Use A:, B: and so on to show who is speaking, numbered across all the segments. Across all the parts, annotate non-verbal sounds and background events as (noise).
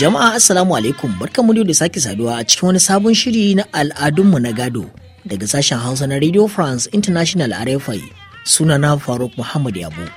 A: Jama'a Assalamu alaikum barka mu da sake saduwa a cikin wani sabon shiri na al'adunmu na gado daga sashen Hausa na Radio France International RFI sunana Faruk Muhammad Yabo.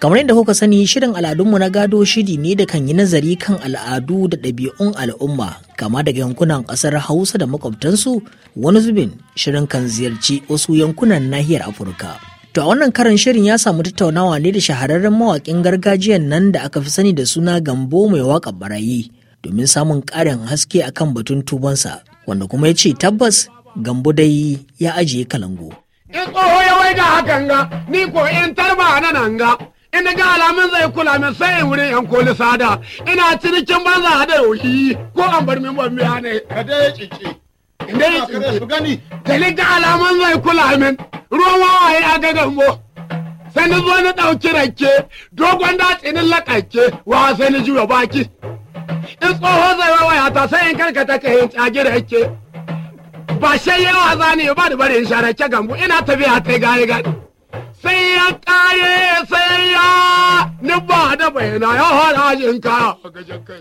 A: kamar yadda kuka sani shirin al'adunmu na gado shiri ne da kan yi nazari kan al'adu da ɗabi'un al'umma kama daga yankunan ƙasar hausa da makwabtansu wani zubin shirin kan ziyarci wasu yankunan nahiyar afirka to a wannan karan shirin ya samu tattaunawa ne da shahararren mawaƙin gargajiyan nan da aka fi sani da suna gambo mai waƙa barayi domin samun ƙarin haske akan batun tubansa wanda kuma ya ce tabbas gambo dai ya ajiye kalango.
B: In tsoho ya wai ga hakan ga, ni ko in tarba na nan ga, ina ga alamun zai kula min sai in wurin yan koli sada ina cinikin banza da yoshi ko an bar min ban biya ne ka dai ciki su gani da ga alamun zai kula min ruwan wawaye a gagan mo sai ni zo ni ɗauki rake dogon datsinin lakake wa sai ni juya baki in tsoho zai wawaya ta sai in karkata ka yin tsage rake ba shayyawa za ne ba da barin sharake gambo ina tafiya ta gaya gadi sai ya kare sai ya nubba da bayana ya harajin ka.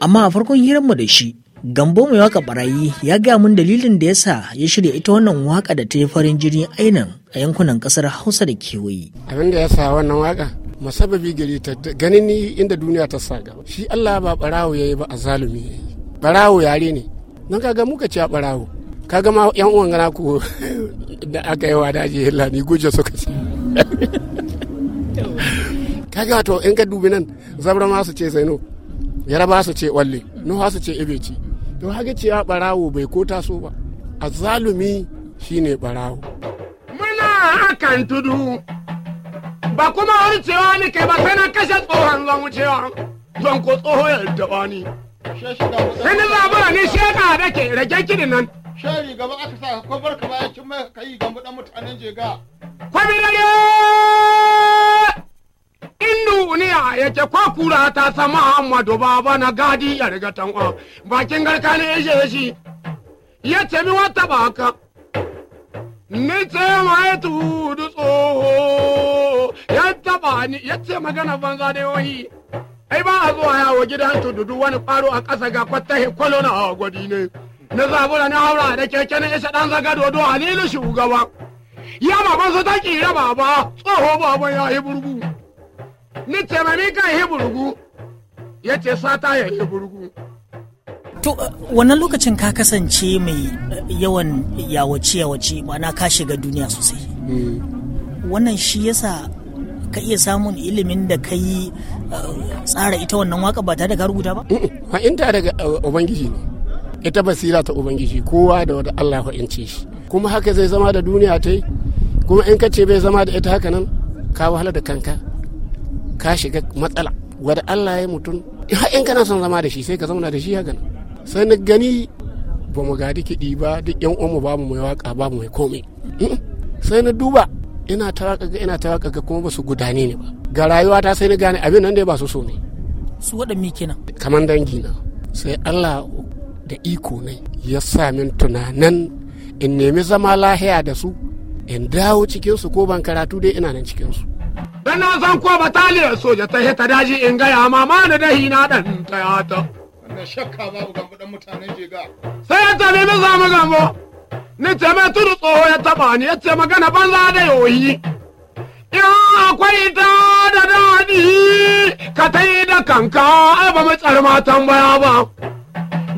A: Amma a farkon mu da shi, Gambo mai waka barayi ya gaya mun dalilin da yasa ya shirya ita wannan waka da ta yi farin jini ainan a yankunan kasar Hausa da kewaye.
C: Abin da ya sa wannan waka masababi gari ta ganin ni inda duniya ta sa gaba. Shi Allah ba barawo yayi ba azalumi yayi. Barawo yare ne. Don kaga muka ci a barawo. Kaga ma yan uwan gana ku (laughs) da aka yi wa daji ni guje suka ci. (laughs) kaga to in ka dubi nan zabra ma su ce yara yaraba su ce walle ha su ce ibeci to haka ce ya barawo bai ko so ba a zalumi shine barawo
B: muna akan tudu ba kuma har cewa ni kai ba sai na kashe tsohon zan wucewa zan ko tsoho ya dawa ni sai ni zabura ni sheka da ke rage kidin nan
C: shari gaba aka sa ko barka baya cin mai ka yi ga dan
B: mutanen jega kwabirare indu uniya ya ce ko kura ta sama amadu baba na gadi ya riga tan bakin garka ne ya shi ya ce mi wata ka. ni ce ma ya tudu tsoho ya taba ni ya ce magana banza da yohi ai ba a zuwa yawo gidan tududu wani faro a ƙasa ga kwata kwalo na gwadi ne na zabura na haura da keke na isa dan zaga dodo halilu shugaba ya baban su ta kira baba tsoho baban ya yi burgu ni temani kan yi burgu ya ce sata ya yi burgu To eh,
A: wannan lokacin ka kasance mai eh, yawan yawace-yawace ma'ana ka shiga duniya sosai. Mm. Wannan shi yasa ka iya samun ilimin da ka yi
C: eh, tsara ita wannan waka ba tare da ka rubuta ba? Fahimta daga Ubangiji ne. ita basira ta ubangiji kowa da wata Allah ince shi kuma haka zai zama da duniya ta yi kuma in ka ce bai zama da ita haka nan ka wahala da kanka ka shiga matsala wada Allah ya mutum in kana son zama da shi sai ka zauna da shi haka nan sai na gani ba mu gadi kiɗi ba duk yan uwanmu babu mai waka babu mai komai sai na duba ina ta waka ina ta waka kuma ba su gudane ne ba ga rayuwa ta sai na gane abin nan dai ba su so ne su waɗanne kenan kamar dangi na sai Allah da iko ne ya sa min tunanin in nemi zama lahiya da su in dawo cikinsu ko ban karatu dai ina nan cikinsu dan zan san ko bataliyar soja ta
B: hita daji in gaya ma mama na dahi na dan tayata wannan shakka babu gambo dan mutanen jega sai ya tabe na zama gambo ni ce mai turu tsoho ya taba ni ya ce magana banza da yoyi Ya akwai ta da daɗi ka ta yi da kanka ai ba mu tsarma tambaya ba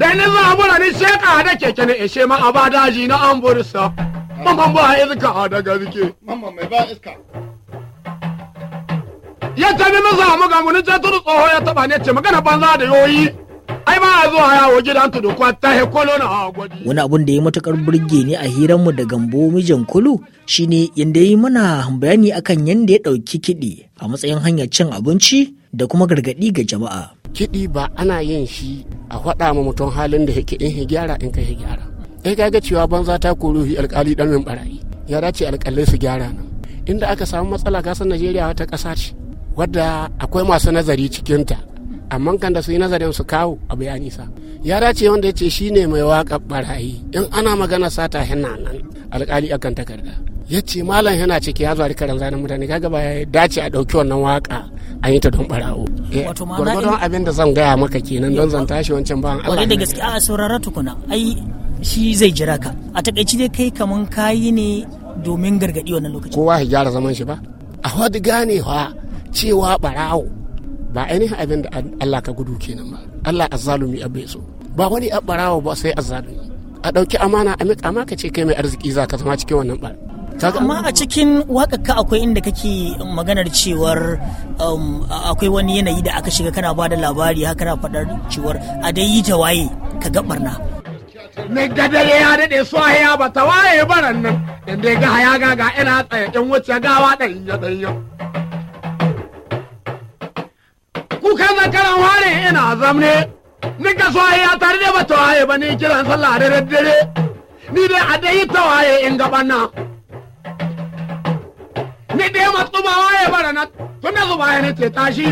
B: Dani zabura ni ka da keke ne ishe ma a daji na an bursa. Mamman ba iska da gaske. Mamman mai ba iska. Ya tabi za mu ga mun ce turu tsoho ya taba ne ce magana banza da yoyi. Ai ba a zuwa yawo gidan tudu kwa ta he kolo na
A: agwadi. Wani abun da ya matukar burge ni a mu da gambo mijin kulu shine yanda yi mana bayani akan yanda ya dauki kiɗi a matsayin hanyar cin abinci da kuma gargaɗi ga jama'a.
C: kiɗi ba ana yin shi a faɗa ma mutum halin da yake in gyara in kai gyara ai eh, kaga cewa banza ta koruhi alƙali dan min barayi ya dace alƙalai su gyara nan inda aka samu matsala gasar najeriya wata ƙasa ce wadda akwai masu nazari cikinta amma kan da su yi nazarin su kawo a bayani sa ya dace wanda ya ce shi ne mai waka barayi in ana magana sata yana nan Alƙali akan takarda ya ce malam yana ciki ya zuwa karan zanen mutane kaga ba ya dace a ɗauki wannan waka. an yi ta don barawo eh, gwargwadon abin da zan gaya maka kenan don zan tashi wancan bayan Allah da gaske
A: a saurara tukuna ai shi zai jira ka a takaici dai kai kaman kayi ne domin
C: gargadi wannan lokaci kowa ya gyara zaman shi ba a gane ganewa cewa barawo ba ainihin abin da Allah ka gudu kenan ba Allah azzalumi abai so ba wani a barawo ba sai azzalumi a ɗauki amana a miƙa ka ce kai mai arziki za ka zama cikin wannan ɓar amma a cikin wakaka akwai inda kake maganar cewar um, akwai
A: wani yanayi da aka shiga kana ba da labari haka na faɗar cewar a dai yi tawaye ka gabar
B: na ne dare ya so su ya ba tawaye baran nan inda ga haya ga ga ina tsaye in wuce gawa ɗanya Ku kuka zakaran ware ina zamne ni ga so ya tare da ba tawaye ba ni kiran sallah da daddare ni dai a dai yi tawaye in gaɓa na. ni dai matsuma waye bara na tun da zuba ya ce tashi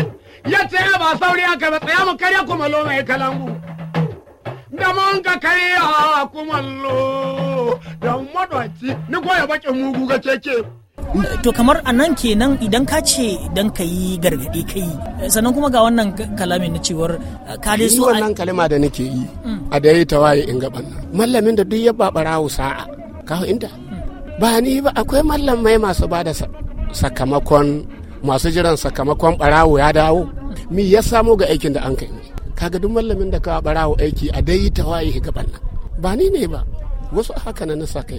B: ya ce ba sauri aka ba tsaya mu karya malo mai kalangu da mun ka karya kumallo da madaci ni goya bakin mugu
A: ga keke to kamar a nan kenan idan ka ce dan ka yi gargaɗi ka yi sannan kuma ga wannan kalamin na cewar ah, ka dai so wannan
C: kalima da nake yi a da yi tawaye in gaban nan mallamin da duk ya babara sa'a ka inda hmm. ba ni ba akwai mai masu ba da sakamakon masu jiran sakamakon barawo ya dawo mi ya samo ga aikin da an kai kaga duk mallamin da ka barawo aiki a dai ta waye ga banna ba ni ne ba wasu haka na nasa kai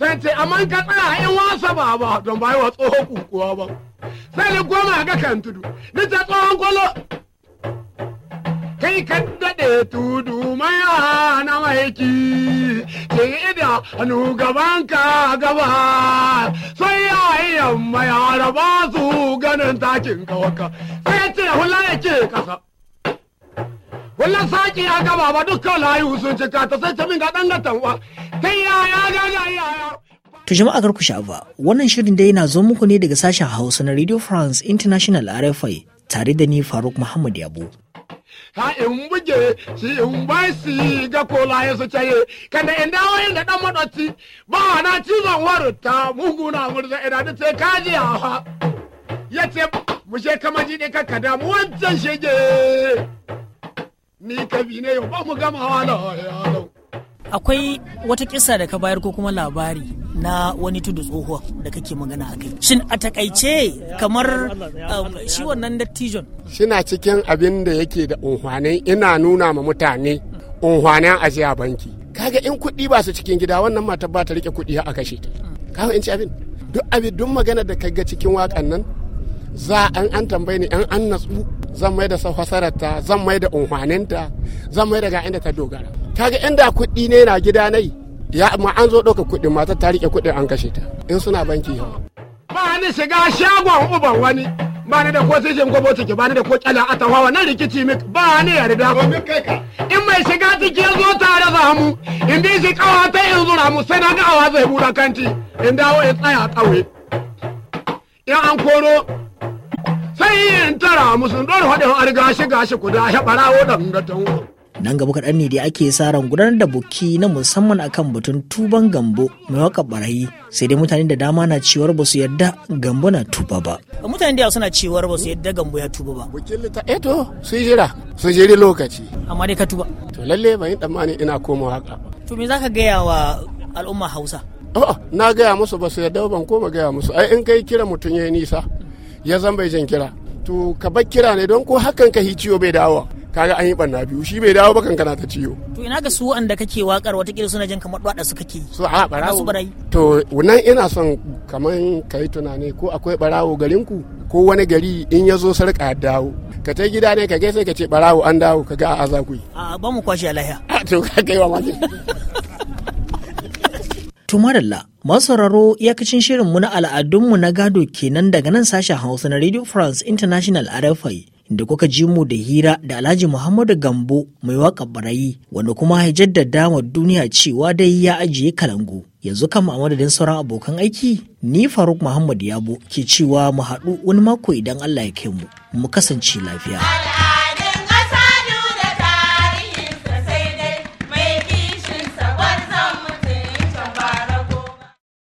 C: sai ce
B: amma ka tsaya in wasa ba ba don bai wa tsohon kukuwa ba sai ni goma ga kan tudu ni ta tsohon kwalo kan daɗe tudu maya na maiki ke ida hannu gaban ka gaba sai yayin maya raba su ganin takin kawaka sai ya ce hula yake kasa wallan saki ya gaba ba dukkan layu sun cika ta sai ta min ga ɗan gatanwa kai yaya gaga yaya
A: To jama'a garku sha'afa wannan shirin dai yana zo muku ne daga sashen Hausa na Radio France International RFI tare da ni Faruk Muhammad Yabo.
B: ha in buge shi in ba shi ga kola ya suce caye kada in dawo da dan madoci ba na cizon ta muguna murza ina da sai kaji ha ya ce mu je kama ji ne kakka da mu wancan shege ni bi ne ba mu gama wala
A: akwai wata kisa da ka bayar ko kuma labari na wani tudu
C: tsoho da kake magana a kai shin a takaice kamar um, shi wannan dattijon shina cikin abin da yake da unhwane ina nuna ma mutane a ajiya banki kaga in kuɗi ba su cikin gida wannan mata ba ta rike kuɗi a kashe ta kawo in ci abin duk abin duk magana da ga cikin wakan nan za an an tambaye ni an an natsu zan mai da ta zan mai da ta zan mai da ga inda ta dogara kaga inda kuɗi ne na gida nai ya amma an zo ɗauka kuɗin mata ta riƙe kuɗin an kashe ta
B: in suna banki yawa. ba ni shiga shagon uban wani ba ni da ko sishin ko ciki, ba ni da ko kyala a tawa wannan rikici mik ba ni yarda ko in mai shiga ciki ya zo tare za mu in bi shi kawa ta in zura mu sai na ga awa zai bura kanti in dawo in tsaya tsawe in an koro sai in tara musu don haɗin argashi gashi kuda ya ɓarawo da ngatan
A: nan gaba kaɗan ne da ake sa ran gudanar da buki na musamman akan batun tuban gambo mai waka barayi sai dai mutane da dama na cewar ba su yarda gambo na tuba ba mutane da suna cewar ba su yarda gambo ya
C: tuba ba bukin lita eto eh sun jira sun jiri lokaci amma dai ka tuba to lalle ban yi tsammani ina komawa haka to me ka gaya wa al'umma hausa oh, na gaya musu ba su yarda ban koma gaya musu ai in kai kira mutum ya nisa ya zan bai jan kira to ka bar kira ne don ko hakan ka hiciyo bai dawo kaga an yi barna biyu shi bai dawo ba kankana ta ciwo
A: to ina ga su wanda kake wakar watakila suna jin kamar dwada suka ke su a barawo
C: to nan ina son kaman kai tunani ko akwai barawo garin ku ko wani gari in ya zo sarka dawo ka ta gida ne ka gaisa ka ce barawo an dawo ka ga a za ku yi a ba mu kwashe alaiya. (laughs) a to ka kai wa maki
A: (laughs) tumarilla masu sauraro iyakacin shirinmu na al'adunmu na gado kenan daga nan sashen hausa na radio france international rfi inda kuka ji mu da hira da Alhaji Muhammadu Gambo mai waka barayi wanda kuma ya jaddada wa duniya cewa dai ya ajiye kalangu. Yanzu kan a madadin sauran abokan aiki ni Faruk Muhammad Yabo ke cewa mu haɗu wani mako idan Allah ya kai mu mu kasance lafiya.